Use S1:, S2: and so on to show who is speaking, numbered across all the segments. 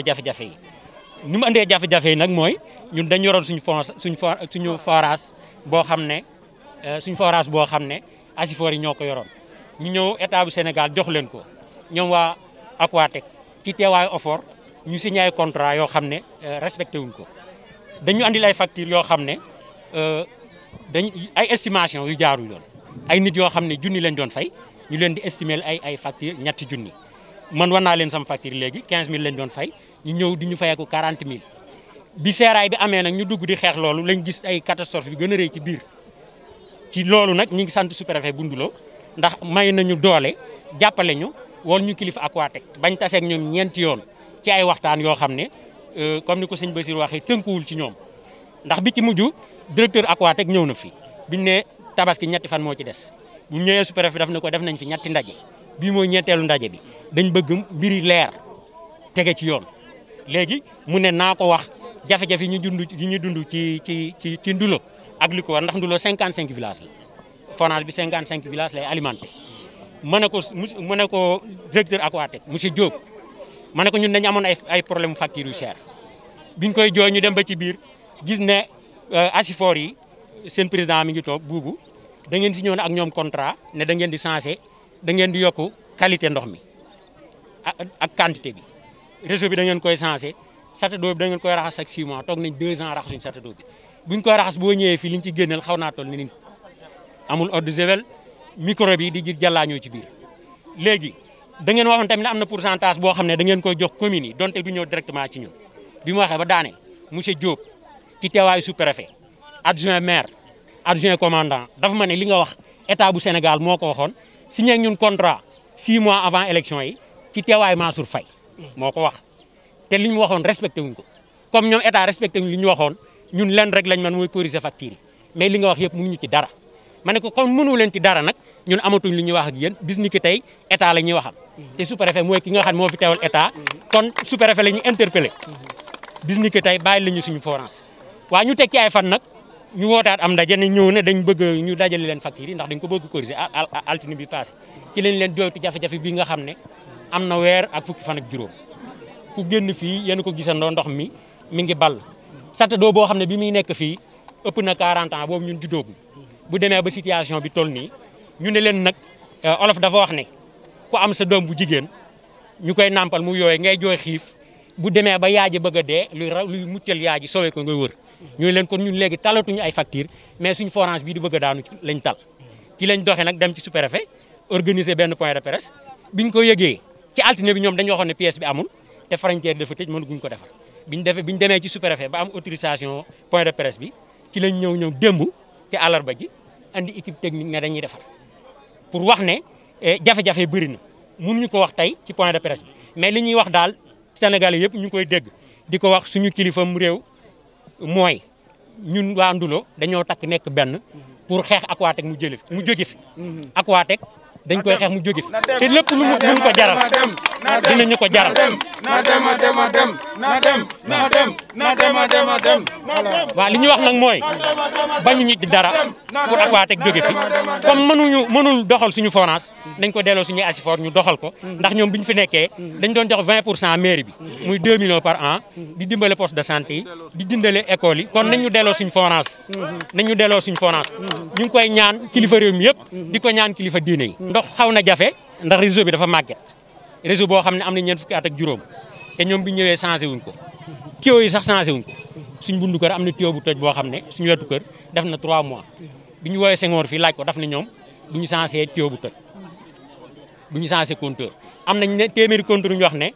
S1: mooy jafe-jafe yi ni mu andee jafe-jafe yi nag mooy ñun dañ yoroon suñu fon suñu suñu forage boo xam ne euh, suñu forage boo xam ne asifor yi ñoo ko yoroon ñu ñëw état bu Sénégal jox leen ko ñoom waa Aquatec ci teewaayu OFOR ñu signé ay contrat yoo xam ne euh, respecté wuñ ko dañu indil ay facture yoo xam ne euh, dañ ay estimation yu jaaru yoon ay nit yoo xam ne junni lañ doon fay ñu leen di estimer ay ay facture ñetti junni man war leen sama facture léegi 15000 lañ doon fay ñu ñëw di ñu fayeeku quarante mille bi seeraay bi amee nag ñu dugg di xeex loolu lañ gis ay catastrophe bi gën rey ci biir ci loolu nag ñu ngi sant sous-préfet ndax may nañu doole jàppale ñu woon ñu kilifa Aquatec bañ taseeg ñoom ñeenti yoon ci ay waxtaan yoo xam ne euh, comme ni ko sëñ Basir waxee tënkuwul ci ñoom ndax bi ci mujj directeur Aquatec ñëw na fi biñ ne tabaski ñetti fan moo ci des bu ñëwee sous-préfet daf na ko def nañ fi ñetti ndaje bii mooy ñetteelu ndaje bi dañ bëgg mbiri leer tege ci yoon léegi mu ne naa ko wax jafe-jafe yi ñu dund yi ñu dund ci ci ci ci Ndulo ak li ko war ndax Ndulo 55 villages la forage bi 55 villages lay alimenté. ma ne ko ma ne ko directeur Aquatec monsieur Diop ma ne ko ñun dañu amoon ay ay problème facture yu cher biñ koy jooy ñu dem ba ci biir gis ne euh, asifor yi seen président mi ngi toog buubu da ngeen si ñëw ak ñoom contrat ne da ngeen di changé da ngeen di yokk qualité ndox mi ak quantité bi. réseau bi da ngeen koy sancé satadoo bi da ngeen koy raxas ak 6 mois toog nañ 2 ans raxasuñ satadoo bi buñ koy raxas boo ñëwee fii liñ ci génneel xaw naa toll ni niñ amul eau de javel microbe yi di ji jàllaañoo ci biir léegi da ngeen waxoon tamit ne am na pour pourcentage boo xam ne da ngeen koy jox communes yi donte du ñëw directement ci ñun bi mu waxee ba daane monsieur Diop ci teewaayu sous préfet maire adjoint commandant dafa ma ne li nga wax état bu Sénégal moo ko waxoon signé ñun contrat 6 mois avant élection yi ci teewaayu Mansour Faye moo ko wax te li ñu waxoon respecté wuñ ko comme ñoom état respecté wuñ li ñu waxoon ñun leen rek lañ man mooy corriger facture yi mais li nga wax yëpp mënuñu ci dara ma ne ko kon mënu leen ci dara nag ñun amatuñ li ñuy wax ak yéen bis tey état la ñuy waxal te sous mooy ki nga xam moo fi teewal état kon sous la ñu interpellé bis ni tey bàyyi la ñu suñu forance waa ñu teg ay fan nag ñu wootaat am ndaje ne ñëw ne dañ bëgg ñu dajale leen facture yi ndax dañ ko bëgg corriger altine bi passé ci lañ leen jooytu jafe-jafe bii nga xam ne am na weer ak fukki fan ak juróom ku génn fii yéen ko gisandoo ndox mi mi bal ball satadoo boo xam ne bi muy nekk fii ëpp na 40 ans boobu ñun juddoogu bu demee ba situation bi toll nii ñu ne leen nag euh, olof dafa wax ne ku am sa doom bu jigéen ñu koy nàmpal mu yooyu ngay jooy xiif bu demee ba yaaji bëgg dee luy raw luy muccal yaaji soowee ko ngay wër ñu leen kon ñun léegi talatuñu ay facture mais suñ forage bii di bëgg a daanu lañ tal ci lañ doxee nag dem ci sous-préfet benn point de biñ ko yëgee ci altine bi ñoom dañu waxoon ne pièce bi amul te frontière dafa tëj mënuguñ ko defar biñ defee biñ demee ci sous ba am autorisation point de presse bi ci lañ ñëw ñëw ci àllarba ji équipe technique ne dañuy defar pour wax ne eh, jafe-jafe bëri na ñu ko wax tey ci point de presse bi mais li ñuy wax daal Sénégal yëpp ñu koy dégg di ko wax suñu kilifam réew mooy ñun waa Ndulo dañoo takk nekk benn pour xeex Aquatech mu jëlee mu jóge fi mm-hmm. Aquatech dañ koy xeex mu jóge fi te lépp lu ñu ko jaral dinañu ko jaral. na dem li ñuy wax nag mooy bañu ñi dara pour Aquatech jóge fi comme mënuñu mënul doxal suñu forage dañ ko delloo suñuy asifor ñu doxal ko ndax ñoom bi ñu fi nekkee dañ doon jox 20 pour cent mairie bi muy 2 millions par an di dimbale poste de santé yi di dimbale école yi kon nañu ñu delloo suñu forage nañu ñu delloo suñu forage ñu koy ñaan kilifa réew yëpp di ko ñaan kilifa diine yi ndox xaw na jafe ndax réseau bi dafa màgget réseau boo xam ne am na ñeent fukki at ak juróom te ñoom bi ñëwee changé wuñ ko tuyau yi sax changé wuñ ko suñ bundu kër am na tuyau bu toj boo xam ne suñu wetu kër def na 3 mois bi ñu woowee Senghor fii laaj ko daf na ñoom du ñu changé tuyau bu toj du ñu changé compteur am nañ ne téeméeri compteur ñu wax ne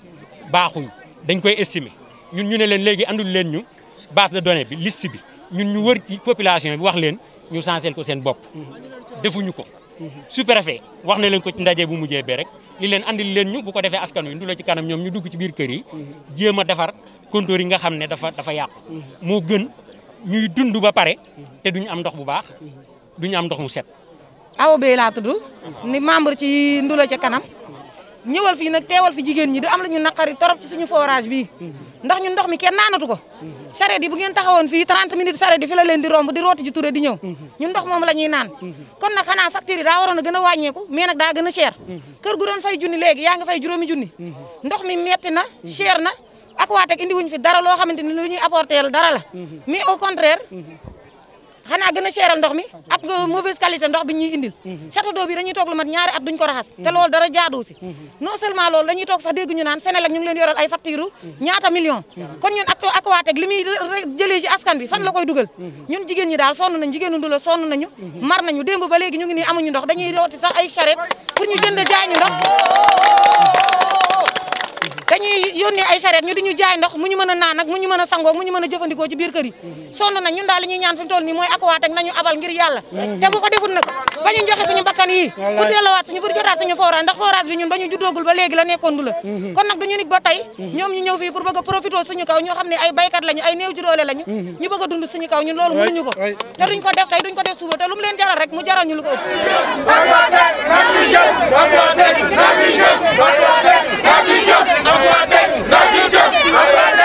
S1: baaxuñ dañ koy estimer ñun ñu ne leen léegi andul leen ñu base de données bi list bi ñun ñu wër ci population bi wax leen ñu changer ko seen bopp. defuñu ko. sous-préfet wax na leen ko ci ndaje bu mujjee bee rek li leen andil leen ñu bu ko defee askan wi ndu la ci kanam ñoom ñu dugg ci biir kër yi. jéem defar comptoir yi nga xam ne dafa dafa yàqu. moo gën ñuy dund ba pare te duñu am ndox bu baax duñu am ndox mu set.
S2: awo bee laa tudd ni membre ci ndu la ci kanam. ñëwal fii nag teewal fi jigéen ñi du am la ñu naqari torop ci suñu forage bii ndax ñun ndox mi kenn naanatu ko charrette yi bu ngeen taxawoon fii 30 minutes charrette yi fi la leen di romb di rooti ji turé di ñëw ñun moom la ñuy naan kon nag xanaa facture yi daa waroon a gën a wàññeeku mais nag daa gën a cher kër gu doon fay junni léegi yaa nga fay juróomi junni ndox mi metti na cher na ak waa teg indi wuñ fi dara loo xamante ni lu ñuy apporter dara la mais au contraire xanaa gën a seeral ndox mi ak mauvaise qualité ndox bi ñuy indil château d'eau bi dañuy toog lu mat ñaari at duñ ko raxas mm-hmm. te loolu dara jaadu si non seulement loolu dañuy toog sax dégg ñu naan Senelec ñu ngi leen yoral ay facture mm-hmm. ñaata million mm-hmm. kon ñun ak Aquatech li muy jëlee ci askan bi fan la koy dugal ñun jigéen ñi daal sonn nañ jigéenu Ndoulo sonn nañu mar nañu démb ba léegi ñu ngi ni amuñu ndox dañuy rooti sax ay charrette pour ñu jënd jaay ñu ndox charette ñu di ñu jaay ndox mu ñu mën a naan ak mu ñu mën a mu ñu mën a jëfandikoo ci biir kër yi sonn daal li ñuy ñaan fi mu toll mooy akuwaat ak nañu abal ngir yàlla te bu ko deful ba ñu joxe suñu bakkan yi pour delluwaat suñu pour jotaat suñu forage ndax forage bi ñun ba ñu juddoogul ba léegi la nekkoon du kon nag du ñu nit ba tey ñoom ñu ñëw fii pour bëgg a profité suñu kaw ñoo xam ne ay baykat lañu ay néew ju doole lañu ñu bëgg a dund suñu kaw ñun loolu ko te duñ ko def tey duñ ko def mu ñu ko
S1: Afrique,